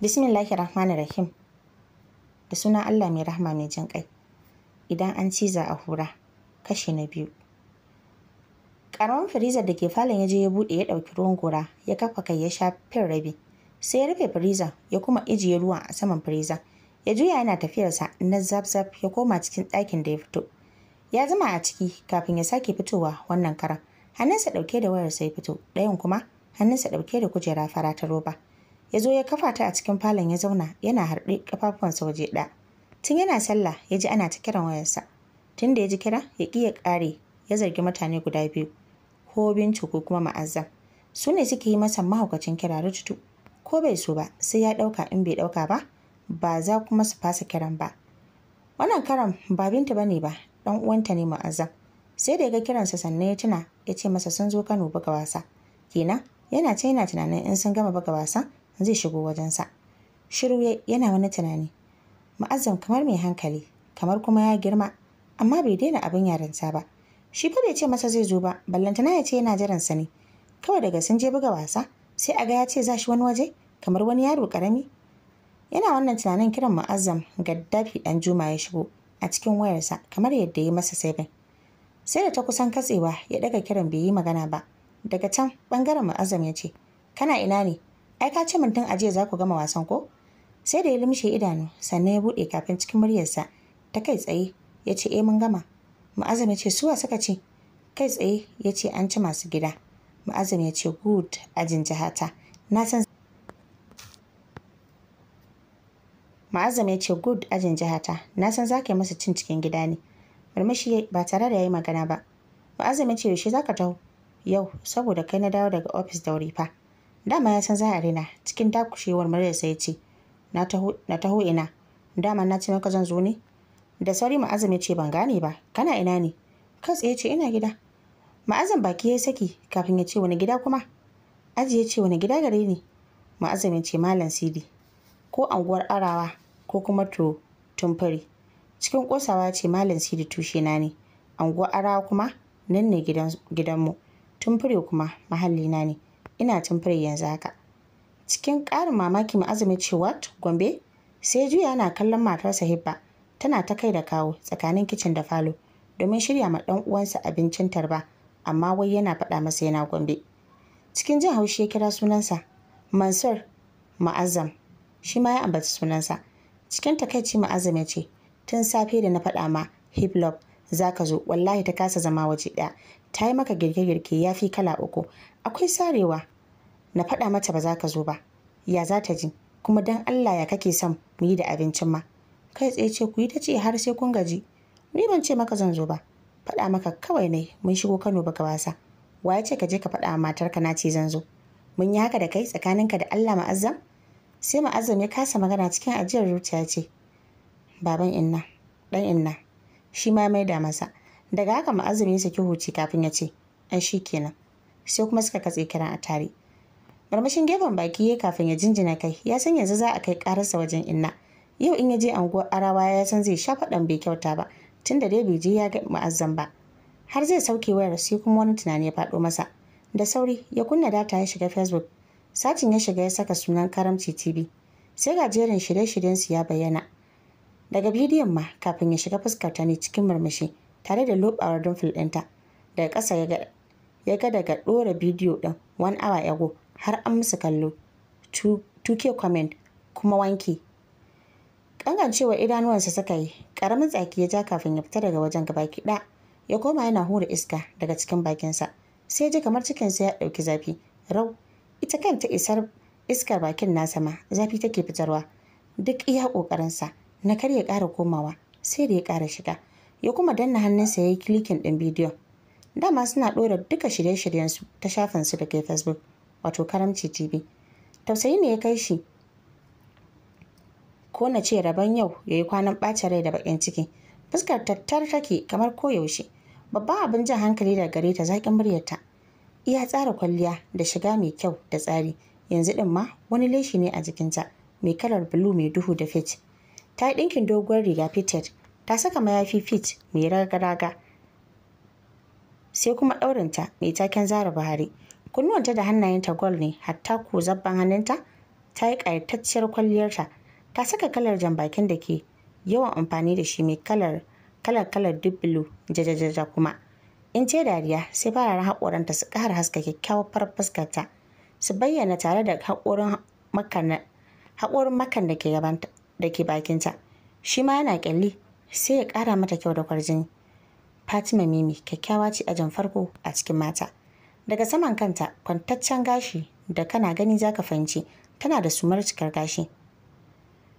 Bismillahi Rahmanir Rahim. Da suna Allah mai rahma mai jin ƙai. Idan an ciza a hura, kashi na biyu. Ƙaramin firiza da ke falon ya je ya bude ya dauki ruwan gora ya kafa kai ya sha fin rabi. Sai ya rufe firiza ya kuma ijiye ruwa a saman firiza. Ya juya yana tafiyarsa na zab-zab ya koma cikin ɗakin da ya fito. Ya zama a ciki kafin ya sake fitowa wannan karan. Hannunsa ɗauke da wayar sai fito, ɗayan kuma hannunsa ɗauke da kujera fara ta roba. ya zo ya kafa ta a cikin falon ya zauna yana harɗe kafafuwansa waje ɗaya tun yana sallah ya ji ana ta kiran wayarsa tun da ya ji kira ya ƙi ya ƙare ya zargi mutane guda biyu ko bincu ko kuma ma'azzam su ne suke yi masa mahaukacin kira rututu ko bai so ba sai ya ɗauka in bai ɗauka ba ba za kuma su fasa kiran ba wannan karan ba binta ba ne ba ɗan uwanta ne ma'azzam sai da ya ga kiransa sannan ya tuna ya ce masa sun zo Kano buga wasa kenan yana ce yana tunanin in sun gama buga wasan. zai shigo wajensa shiru yana wani tunani ma'azzam kamar mai hankali kamar kuma ya girma amma bai daina abin yarinta ba shi fa bai ce masa zai zo ba ballantana ya ce yana jiran sa ne kawai daga sun je buga wasa sai a ga ya ce za shi wani waje kamar wani yaro karami yana wannan tunanin kiran ma'azzam gaddafi dan juma ya shigo a cikin wayarsa kamar yadda ya masa sai sai da ta kusan katsewa ya daga kiran bai yi magana ba daga can bangaren ma'azzam ya ce kana ina ne ai ka ce min tun ajiya za ku gama wasan ko sai da ya lumshe idanu sannan ya buɗe kafin cikin muryarsa ta kai tsaye ya ce eh mun gama ma'azam ya ce suwa suka ce kai tsaye ya ce an ci masu gida ma'azam ya ce good a na san ma'azam ya ce good ajin jihata na san za ka yi masa cin cikin gida ne murmushi ba tare da ya yi magana ba ma'azam ya ce yaushe za ka taho yau saboda kai na dawo daga ofis da wuri fa dama ya san za a rina cikin dakushewar murya sai ce na taho ina dama na ce maka zan zo ne da sauri ma'azam ya ce ban gane ba kana ina ne kai tsaye ce ina gida ma'azam baki ya saki kafin ya ce wani gida kuma aji ya ce wani gida gare ni ma'azam ce malam sidi ko anguwar arawa ko kuma to tumfari cikin kosawa ce malam sidi tushe na ne anguwar arawa kuma nan ne gidanmu tumfure kuma mahalli na ne ina tumfar yanzu haka cikin ƙarin mamaki ma'azumi ce what gombe sai juya yana kallon matarsa hibba tana ta kai da kawo tsakanin kicin da falo domin shirya ma ɗan uwansa abincin tarba amma wai yana faɗa masa yana gombe cikin jin haushi ya kira sunansa mansur ma'azam shi ma ya ambaci sunansa cikin takaici ma'azam ya ce tun safe da na faɗa ma hip za ka zo wallahi ta kasa zama waje ɗaya ta yi maka girke-girke ya fi kala uku akwai sarewa na faɗa mata ba za ka zo ba ya za ta ji kuma don allah ya kake son mu yi da abincin ma kai tsaye ce ku yi ta ce har sai kun gaji ni ban ce maka zan zo ba faɗa maka kawai ne mun shigo kano baka wasa wa ya ce ka je ka faɗa matarka na ce zan zo mun yi haka da kai tsakaninka da allah ma'azzam sai ma'azzam ya kasa magana cikin ajiyar zuciya ce baban inna dan inna shi ma ya da masa daga haka ma'azumi ya saki huci kafin ya ce an shi kenan sai kuma suka katse kiran a tare marmashin gefen baki ya kafin ya jinjina kai ya san yanzu za a kai kararsa wajen inna yau in ya je anguwar arawa ya san zai sha faɗan bai kyauta ba tunda dai bai je ya ga ma'azzan ba har zai sauke wayar sai kuma wani tunani ya faɗo masa da sauri ya kunna data ya shiga facebook sacin ya shiga ya saka sunan karamci tv sai ga jerin shirye-shiryensu ya bayyana daga bidiyon ma kafin ya shiga fuskar ta ne cikin murmushi tare da lobawar dumfil ɗinta daga ƙasa ya ga daga ɗora bidiyo ɗin one hour go har an musu kallo 2k comment kuma wanki kangancewa idanuwansa suka yi ƙaramin tsaki ya ja kafin ya fita daga wajen gabaki ɗaya ya koma yana hura iska daga cikin bakinsa sai ji kamar cikinsa ya ɗauki zafi rau ita kanta isar iskar bakin nasa ma zafi take fitarwa duk iya ƙoƙarinsa na kar ya ƙara komawa sai da ya ƙara shiga ya kuma danna hannunsa ya yi kilikin ɗin bidiyon dama suna ɗora duka shirye-shiryensu ta shafinsu da ke facebook wato karamci tv tausayi ne ya kai shi ko na ce rabon yau ya yi kwanan ɓacin rai da baƙin ciki fuskar tattar take kamar koyaushe babban abin jan hankali da gare ta zaƙin muryarta iya tsara kwalliya da shiga mai kyau da tsari yanzu ɗin ma wani leshi ne a jikinta mai kalar bulu mai duhu da fit ta yi ɗinkin doguwar riga fitted ta saka mayafi fit mai raga-raga sai kuma ɗaurinta mai taken zara bahari kunnuwanta da hannayenta gol ne hatta ko zabban hannunta ta yi ƙayatacciyar kwalliyarta ta saka kalar jan bakin da ke yawan amfani da shi mai kalar kalar kalar dubbulu jajajaja kuma in ce dariya sai fararen haƙoranta su ƙara haska kyakkyawar farar fuskarta su bayyana tare da haƙorin makan da ke bakinta shi ma yana ƙyalli sai ya ƙara mata kyau da kwarjini fatima mimi kyakkyawa ce a ajin farko a cikin mata daga saman kanta kwantaccen gashi da kana gani zaka fahimci tana da sumar cikar gashi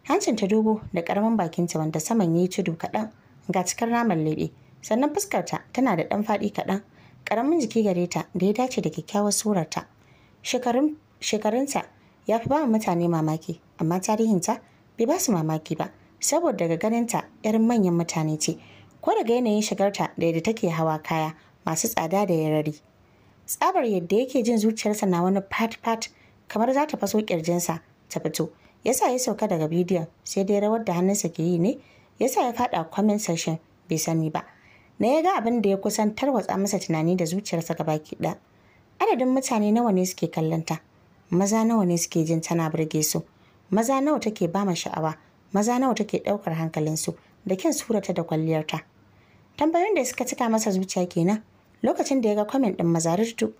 hancin ta dogo da karamin bakinta wanda saman ya yi tudu kaɗan ga cikar naman leɓe sannan fuskarta tana da ɗan faɗi kaɗan ƙaramin jiki gare ta da ya dace da kyakkyawar surarta shekarunta ya fi ba mutane mamaki amma tarihinta bai ba su mamaki ba saboda daga ganinta 'yar manyan mutane ce ko daga yanayin shigarta da yadda take hawa kaya masu tsada da yarari tsabar yadda yake jin zuciyarsa na wani pat pat kamar za ta faso kirjinsa ta fito yasa ya sauka daga bidiyon sai dai rawar da hannunsa ke yi ne yasa ya fada comment section bai sani ba na ya ga abin da ya kusan tarwatsa masa tunani da zuciyarsa baki ɗaya adadin mutane nawa ne suke kallonta maza nawa ne suke jin tana burge su maza nawa take bama sha'awa maza nawa take ɗaukar su. da kyan surata da kwalliyarta tambayoyin da suka cika masa zuciya kenan lokacin da ya ga comment ɗin mazarurtu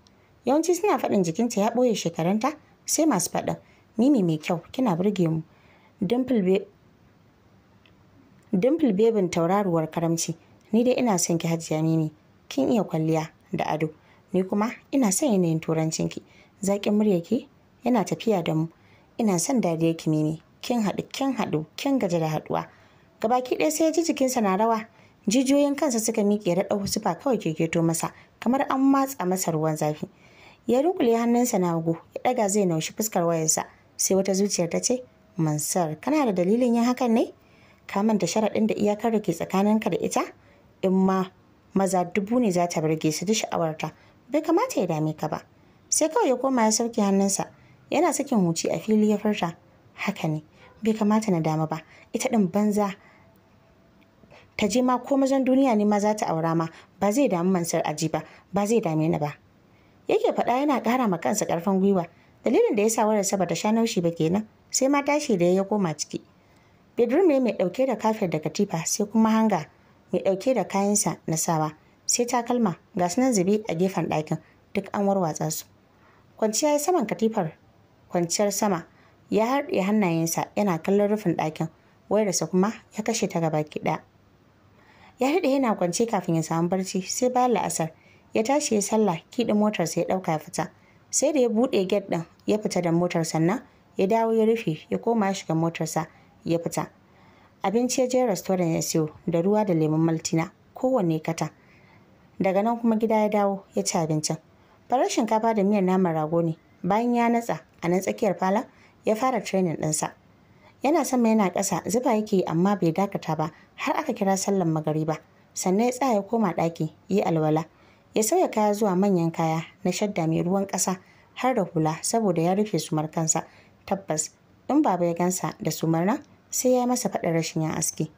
yawanci suna faɗin jikinta ya ɓoye shekarunta sai masu faɗin mimi mai kyau kina burge mu dimple bebin tauraruwar karamci ni dai ina son ki hajiya mimi kin iya kwalliya da ado ni kuma ina son yanayin turancinki zaƙin muryarki yana tafiya da mu ina son ki mimi kin haɗu kin haɗu kin gaji da haɗuwa gabaki ɗaya sai ya ji jikinsa na rawa jijiyoyin kansa suka miƙe raɗa sufa kawai keketo masa kamar an matsa masa ruwan zafi ya rukule hannunsa na hagu ya ɗaga zai naushi fuskar wayarsa sai wata zuciyar ta ce mansar kana da dalilin yin hakan ne ka manta sharaɗin da iyakar da ke tsakaninka da ita in ma maza dubu ne za ta burge su da sha'awarta bai kamata ya dame ka ba sai kawai ya koma ya sauke hannunsa yana sakin huci a fili ya furta haka ne bai kamata na dama ba ita ɗin banza ta je ma ko mazan duniya ne ma za ta aura ma ba zai damu mansar aji ba ba zai dame ni ba yake faɗa yana ƙara ma kansa ƙarfin gwiwa dalilin da ya sa wayarsa ba ta sha naushi ba kenan sai ma tashi da ya koma ciki bedroom ne mai ɗauke da kafin da katifa sai kuma hanga mai ɗauke da kayansa na sawa sai takalma ga su zube a gefen ɗakin duk an warwatsa su kwanciya ya saman katifar kwanciyar sama ya harɗe hannayensa yana kallon rufin ɗakin wayarsa kuma ya kashe ta gaba ɗaya ya haɗe yana kwance kafin ya samu barci sai bayan la'asar ya tashi ya sallah kiɗin motarsa ya ɗauka ya fita sai da ya buɗe get ɗin ya fita da motar sannan ya dawo ya rufe ya koma ya shiga motarsa ya fita abinci ya je restaurant ya siyo da ruwa da lemun maltina kowanne kata daga nan kuma gida ya dawo ya ci abincin farar shinkafa da miyar naman rago ne bayan ya natsa a nan tsakiyar falon. ya fara training ɗinsa. Yana sama yana ƙasa zuba yake amma bai dakata ba har aka kira sallan magariba sannan ya tsaya koma ɗaki yi alwala ya sauya kaya zuwa manyan kaya na shadda mai ruwan ƙasa har da hula saboda ya rufe sumar kansa tabbas in baba ya gansa da sumarna sai ya yi masa faɗin rashin 'yan aski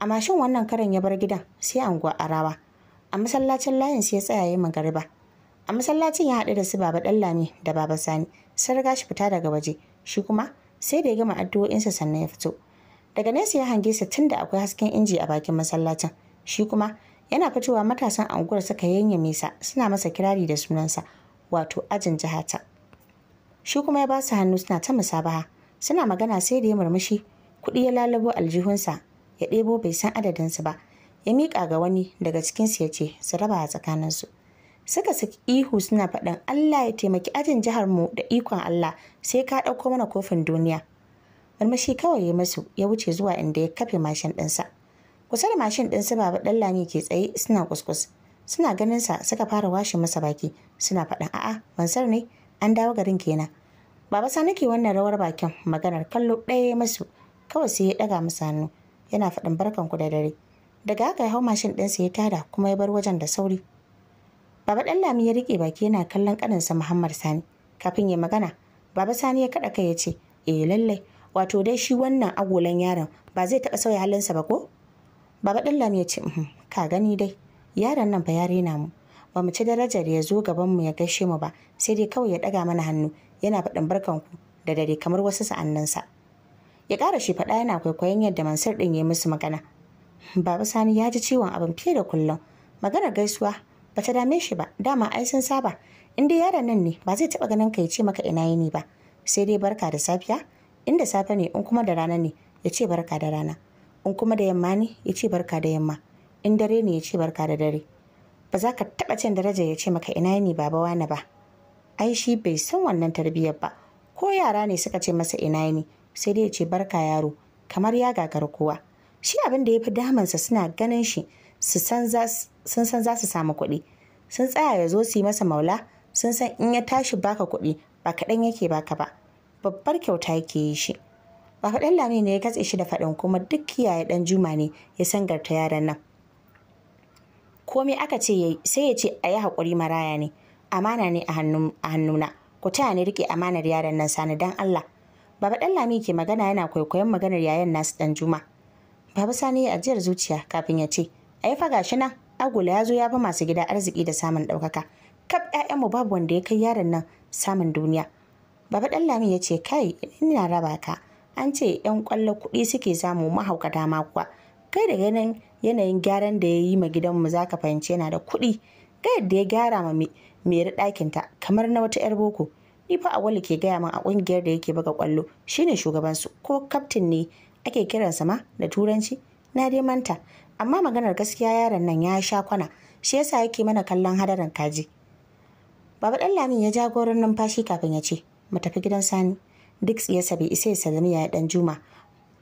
a mashin wannan karin ya bar gidan sai anguwa a rawa a masallacin layin sai ya tsaya ya magariba a masallacin ya haɗu da su baba ɗanlami da baba sani sun riga shi fita daga waje shi kuma sai da ya gama addu'o'insa sannan ya fito daga nesa ya hange sa da akwai hasken inji a bakin masallacin shi kuma yana fitowa matasan anguwar suka yanya sa suna masa kirari da sunansa wato ajin jihata shi kuma ya ba su hannu suna ta musabaha suna magana sai da ya murmushi kuɗi ya lalabo aljihunsa ya ɗebo bai san adadinsu ba ya miƙa ga wani daga cikinsu ya ce su raba a tsakaninsu suka saki ihu suna faɗin Allah ya taimaki ajin jihar mu da ikon Allah sai ka ɗauko mana kofin duniya marmashi kawai ya masu ya wuce zuwa inda ya kafe mashin ɗinsa kusa da mashin ɗinsa baba ɗan ke tsaye suna kuskus suna ganin sa suka fara washe masa baki suna faɗin a'a mansar ne an dawo garin kenan baba sani ke wannan rawar bakin maganar kallo ɗaya ya masu kawai sai ya ɗaga masa hannu yana faɗin barkan ku da dare daga haka ya hau mashin ɗinsa ya tada kuma ya bar wajen da sauri Baba lami ya riƙe baki yana kallon ƙaninsa Muhammad Sani. Kafin ya magana, Baba Sani ya kaɗa kai ya ce, "Eh lallai, wato dai shi wannan agolan yaron ba zai taɓa sauya halinsa ba ko?" Baba ɗan-lami ya ce, uhm, "Ka gani dai, yaron nan ba yare na mu. Ba mu ci darajar ya zo gaban mu ya gaishe mu ba, sai dai kawai ya ɗaga mana hannu yana faɗin barkanku da dare kamar wasu sa'annansa." Ya ƙara shi faɗa yana kwaikwayon yadda Mansur ɗin ya yi musu magana. Baba Sani ya ji ciwon abin fiye da kullum. Maganar gaisuwa ba ta dame shi ba dama ai sun saba inda yaron nan ne ba zai taba ganin ka ya ce maka ina yini ba sai dai barka da safiya inda safe ne in kuma da rana ne ya ce barka da rana in kuma da yamma ne ya ce barka da yamma in dare ne ya ce barka da dare ba za ka taba cin daraja ya ce maka ina yini baba wani ba ai shi bai san wannan tarbiyyar ba ko yara ne suka ce masa ina yini sai dai ya ce barka yaro kamar ya gagar kowa shi abin da ya fi damansa suna ganin shi sun san za su samu kuɗi sun tsaya ya zo su yi masa maula sun san in ya tashi baka kuɗi ba kaɗan yake baka ba babbar kyauta yake yi shi ba faɗin lami ne ya katse shi da faɗin kuma duk kiyaye ɗan juma ne ya garta yaran nan komai aka ce sai ya ce a yi haƙuri maraya ne amana ne a hannuna ku taya ni riƙe amanar yaran nan sani dan allah baba ɗan lami ke magana yana kwaikwayon maganar yayan nasu ɗan juma baba sani ya ajiyar zuciya kafin ya ce ai fa gashi nan agula ya zo ya fi masu gida arziki da samun ɗaukaka kaf ƴaƴanmu babu wanda ya kai yaron nan samun duniya baba ɗan lami ya ce kai ina raba ka an ce yan kwallo kuɗi suke samu mahaukata ma kuwa kai da ganin yanayin gyaran da ya yi ma gidanmu za ka fahimci yana da kuɗi ga yadda ya gyara ma mai ɗakinta kamar na wata 'yar boko ni fa awali ke gaya min a ƙungiyar da yake buga ƙwallo shine shugabansu ko kaftin ne ake kiransa ma da turanci na dai manta amma maganar gaskiya yaron nan ya sha kwana shi yasa yake mana kallon hadarin kaji baba dan lamin ya jagoran numfashi kafin ya ce mu tafi gidan sani duk tsiyarsa bai isa ya sallami ya dan juma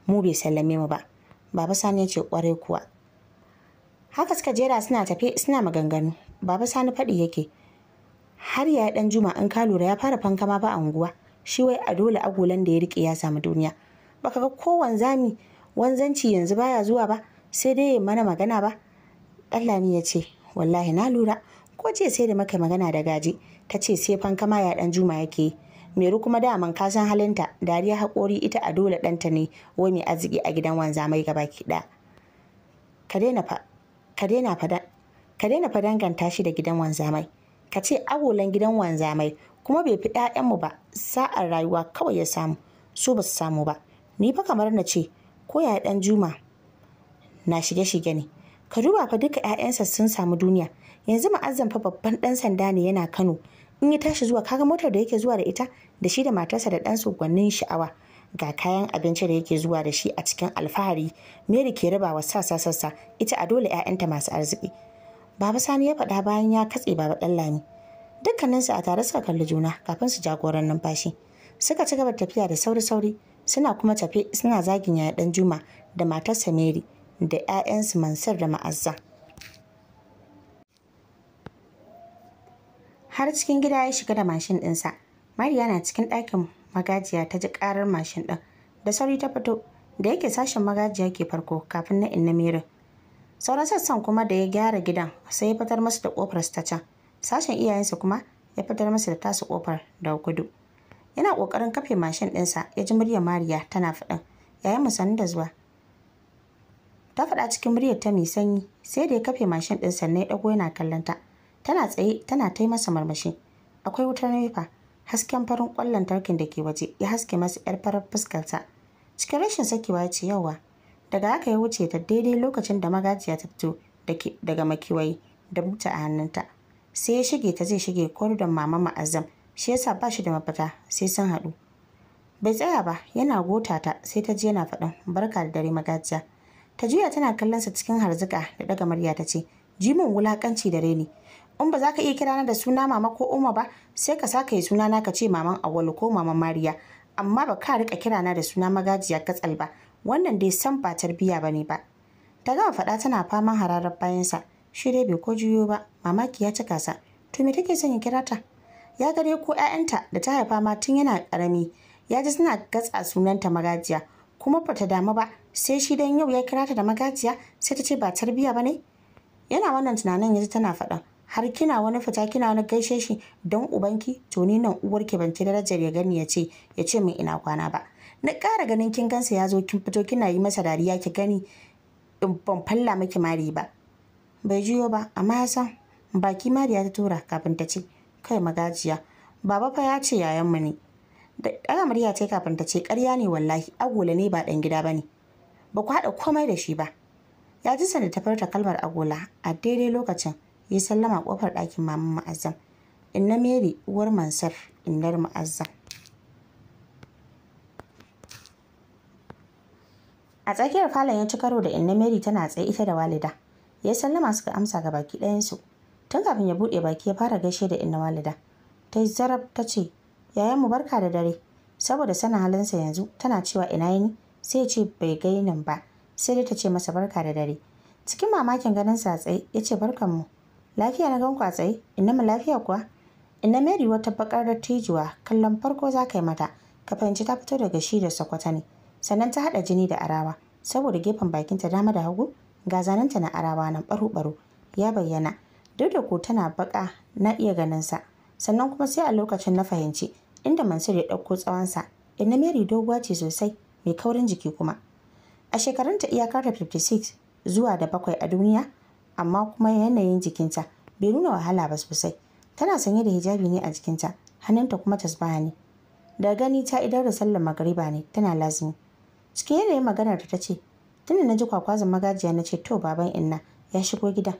mu bai sallame mu ba baba sani ya ce kwarai kuwa haka suka jera suna tafe suna maganganu baba sani faɗi yake har ya dan juma in ka lura ya fara fanka ma ba a unguwa shi wai a dole agolan da ya rike ya samu duniya baka ga kowan zami wanzanci yanzu baya zuwa ba sai dai mana magana ba ɗallami ya ce wallahi na lura ko ce sai da maka magana da gaji ta ce sai fanka ma ya ɗan juma yake yi meru kuma daman ka san halinta dariya haƙori ita a dole ɗanta ne wai mai arziki a gidan wanza mai gaba ki ɗa ka daina fa danganta shi da gidan wanzamai ka ce agolan gidan wanzamai kuma bai fi ɗayanmu ba sa'ar rayuwa kawai ya samu su ba su samu ba ni fa kamar na ce ko ya ɗan juma na shige-shige ne ka duba fa duka 'ya'yansa sun samu duniya yanzu ma'azzan fa babban ɗan sanda ne yana kano in ya tashi zuwa kaga motar da yake zuwa da ita da shi da matarsa da ɗansu gwanin sha'awa ga kayan abinci da yake zuwa da shi a cikin alfahari mary ke raba wa sassa sassa ita a dole 'ya'yanta masu arziki baba sani ya faɗa bayan ya katse baba ɗanlami dukkaninsu a tare suka kalli juna kafin su jagoran numfashi suka ci gaba tafiya da sauri-sauri suna kuma tafe suna zagin yaya ɗan juma da matarsa mary da 'ya'yansu mansar da Ma'azza. Har cikin gida ya shiga da mashin ɗinsa. Mariya na cikin ɗakin magajiya ta ji ƙarar mashin ɗin. Da sauri ta fito, da yake sashen magajiya ke farko kafin na inna mirin. Sauran sassan kuma da ya gyara gidan sai ya fitar masa da ƙofar ta can. Sashen iyayensa kuma ya fitar masa da tasu ƙofar da gudu. Yana ƙoƙarin kafe mashin ɗinsa ya ji muryar Mariya tana faɗin. Yayin musanni da zuwa, ta faɗa cikin muryar ta mai sanyi sai da ya kafe mashin ɗin sannan ya ɗago yana kallon ta tana tsaye tana ta masa marmashi akwai wutar nefa hasken farin ƙwallon tarkin da ke waje ya haske masa yar farar fuskarta cikin rashin sakewa ya ce yawa daga haka ya wuce ta daidai lokacin da magajiya ta fito daga makiwayi da buta a hannunta sai ya shige ta zai shige koridon mama ma'azam shi yasa ba shi da mafita sai sun haɗu bai tsaya ba yana gota ta sai ta ji yana faɗin barka da dare magajiya ta juya tana kallon sa cikin harzuka da daga murya ta ce jimin wulakanci da reni in ba za ka iya kirana da suna mama ko umma ba sai ka sa ka yi suna na ka ce maman awalu ko maman mariya amma ba ka rika kirana da suna magajiya katsal ba wannan dai san ba tarbiyya ba ne ba ta gama faɗa tana faman hararar bayansa shi dai bai ko juyo ba mamaki ya cika sa to me take son ya kira ta ya gare ko 'ya'yanta da ta haifa ma tun yana ƙarami ya ji suna gatsa sunanta magajiya kuma ba ta damu ba sai shi dan yau ya kira ta da magajiya sai ta ce ba tarbiya ba ne yana wannan tunanin yanzu tana faɗa har kina wani fita kina wani gaishe shi don ubanki to ni nan uwarki ban ci darajar ya gani ya ce ya ce min ina kwana ba na ƙara ganin kin gansa ya zo kin fito kina yi masa dariya ki gani ban falla miki mari ba bai jiyo ba amma ya san baki mariya ta tura kafin ta ce kai magajiya baba fa ya ce mu ne da amarya ce kafin ta ce karya ne wallahi agola ne ba ɗan gida ba ne ba ku haɗa komai da shi ba ya ji sanda ta farta kalmar agola a daidai lokacin ya sallama kofar ɗakin maman ma'azzam inna mary uwar mansar innar ma'azzam a tsakiyar falon ya ci karo da inna mary tana tsaye ita da walida ya sallama suka amsa ga baki ɗayansu tun kafin ya buɗe baki ya fara gaishe da inna walida ta yi zarab ta ce yayan mu barka da dare saboda sanin halinsa yanzu tana cewa ina yini sai ya ce bai nan ba sai dai ta ce masa barka da dare cikin mamakin ganin sa tsaye ya ce barkan mu. lafiya na gan a tsaye ina mu lafiya kuwa inna mary wata bakar dattijuwa kallon farko za ka yi mata ka fahimci ta fito daga shi da sakwata ne sannan ta haɗa jini da arawa saboda gefen bakinta dama da hagu ga zanenta na arawa na baro-baro ya bayyana duk da ko tana baka na iya ganin sa sannan kuma sai a lokacin na fahimci inda Mansur ya ɗauko tsawonsa inna Mary doguwa ce sosai mai kaurin jiki kuma a shekarunta iyakar da 56 zuwa da bakwai a duniya amma kuma yanayin jikinta bai nuna wahala ba sosai tana sanye da hijabi ne a jikinta hannunta kuma tasbaha ne da gani ta idar da sallar magariba ne tana lazimi cikin yanayin maganar ta ce tunda na ji kwakwazon magajiya na ce to baban inna ya shigo gidan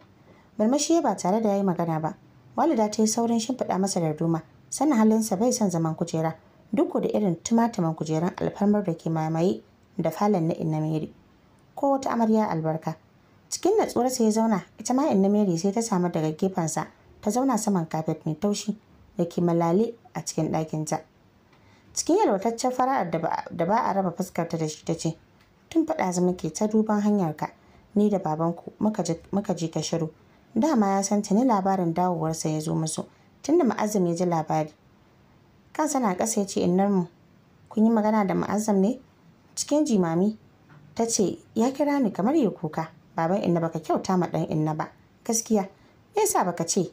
marmashi ba tare da ya yi magana ba walida ta yi saurin shimfiɗa masa darduma sanin halinsa bai son zaman kujera duk da irin tumatumin kujeran alfarmar da ke mamaye da falon na inna meri ko wata amarya albarka cikin natsuwarsa ya zauna ita ma inna meri sai ta samu daga gefensa ta zauna saman kafet mai taushi da ke malale a cikin ɗakin ta cikin yalwataccen fara'ar da ba a raba fuskarta da shi ta ce tun faɗa zama ke ta duban hanyar ka ni da babanku muka ji ka shiru dama ya san tuni labarin dawowarsa ya zo musu tunda ma'azam ya ji labari kansa na ƙasa ya ce mu kun yi magana da ma'azzam ne cikin jimami ta ce ya kira ni kamar ya kuka baban inna baka kyauta ma ɗan inna ba gaskiya me yasa baka ce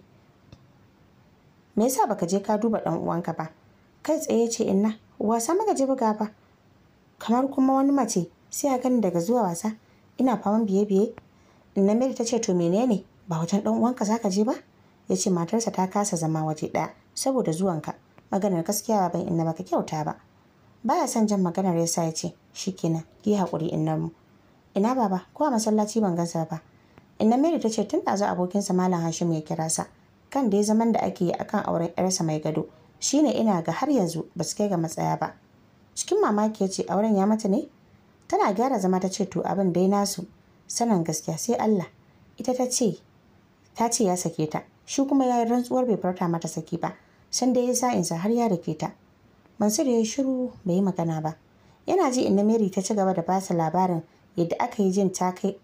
me yasa baka je ka duba ɗan uwanka ba kai tsaye ce inna wasa maka je buga ba kamar kuma wani mace sai a gani daga zuwa wasa ina faman biye-biye inna mai ta ce to menene ba wajen ɗan uwanka za ka je ba ya ce matarsa ta kasa zama waje ɗaya saboda zuwanka maganar gaskiya ban inna baka kyauta ba baya son jan maganar ya sa ya ce shikenan ki haƙuri inna mu ina baba ko a masallaci ban gansa ba inna mary ta ce tun ɗazu abokinsa malam hashim ya kira sa kan ya zaman da ake yi akan auren yarsa mai gado shine ina ga har yanzu ba su kai ga matsaya ba cikin mamaki ya ce auren ya mata ne tana gyara zama ta ce to abin dai nasu sanin gaskiya sai allah ita ta ce ta ce ya sake ta shi kuma ya yi rantsuwar bai farta mata saki ba san da ya sa'insa har ya rike ta mansur ya yi shiru bai yi magana ba yana ji inda mary ta ci gaba da basa labarin yadda aka yi jin ta kai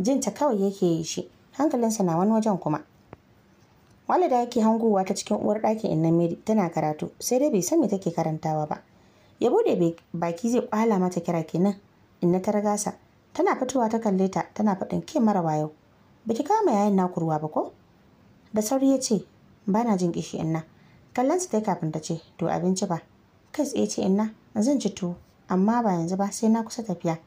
jin ta kawai yake yi shi hankalinsa na wani wajen kuma walida yake hangowa ta cikin uwar ɗakin inna mary tana karatu sai dai bai san me take karantawa ba ya bude baki zai kwala mata kira kenan inna ta ragasa tana fitowa ta kalle ta tana faɗin ke mara wayo biki kama yayin naku ruwa ba ko da sauri ya ce ba na jin kishi inna kallon su dai kafin ta ce to abinci ba kai tsaye ce inna zan ci tuwo amma ba yanzu ba sai na kusa tafiya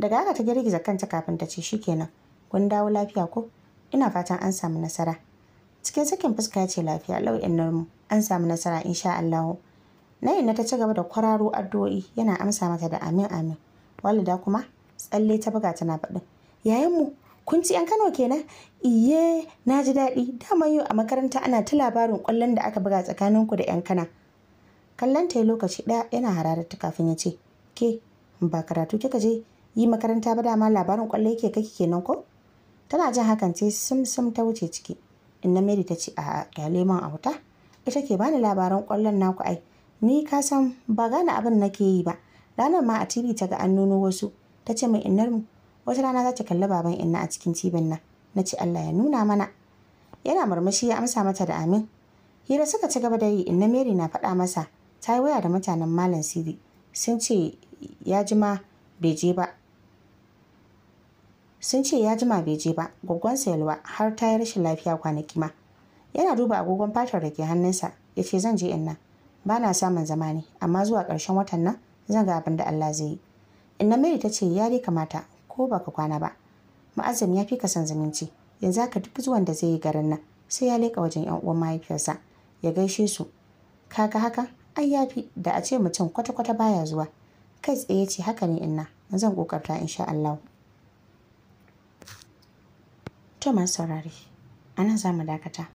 daga haka ta girgiza kanta kafin ta ce kenan, kun dawo lafiya ko ina fatan an samu nasara cikin sakin fuska ya ce lafiya lau innar mu an samu nasara in sha Allah na na ta ci gaba da kwararo addu'o'i yana amsa mata da amin amin walida kuma tsalle ta buga tana faɗin yayin mu kun ci 'yan kano kenan iye na ji daɗi dama yau a makaranta ana ta labarin ƙwallon da aka buga tsakanin ku da 'yan kana kallon ta lokaci ɗaya yana hararta kafin ya ce ke ba karatu kika je yi makaranta ba dama labarin ƙwallo yake kake kenan ko tana jin hakan sai sumsum ta wuce ciki inna mary ta ce a kyale a wuta ita ke bani labaran ƙwallon naku ai ni ka san ba gane abin nake yi ba ranar ma a tv ta ga an nuno wasu ta ce mai inar mu wata rana za ta kalli baban inna a cikin cibin nan na ce Allah ya nuna mana yana murmushi ya amsa mata da amin hira suka ci gaba da yi inna Mary na faɗa masa ta yi waya da mutanen malam Sidi sun ce ya jima bai je ba sun ce ya jima bai je ba gwaggon har ta yi rashin lafiya kwanaki ma yana duba agogon fatar da ke hannunsa ya ce zan je inna ba na samun zama ne amma zuwa ƙarshen watan nan zan ga abin da Allah zai yi inna Mary ta ce ya dai kamata ko baka kwana ba ma'azin ya fi ka san zumunci yanzu haka duk zuwan da zai yi garin nan sai ya leka wajen yan uwan mahaifiyarsa ya gaishe su kaga haka ai yafi da a ce mutum kwata-kwata baya zuwa kai tsaye ce haka ne inna zan kokarta insha Allah to masu saurare anan za mu dakata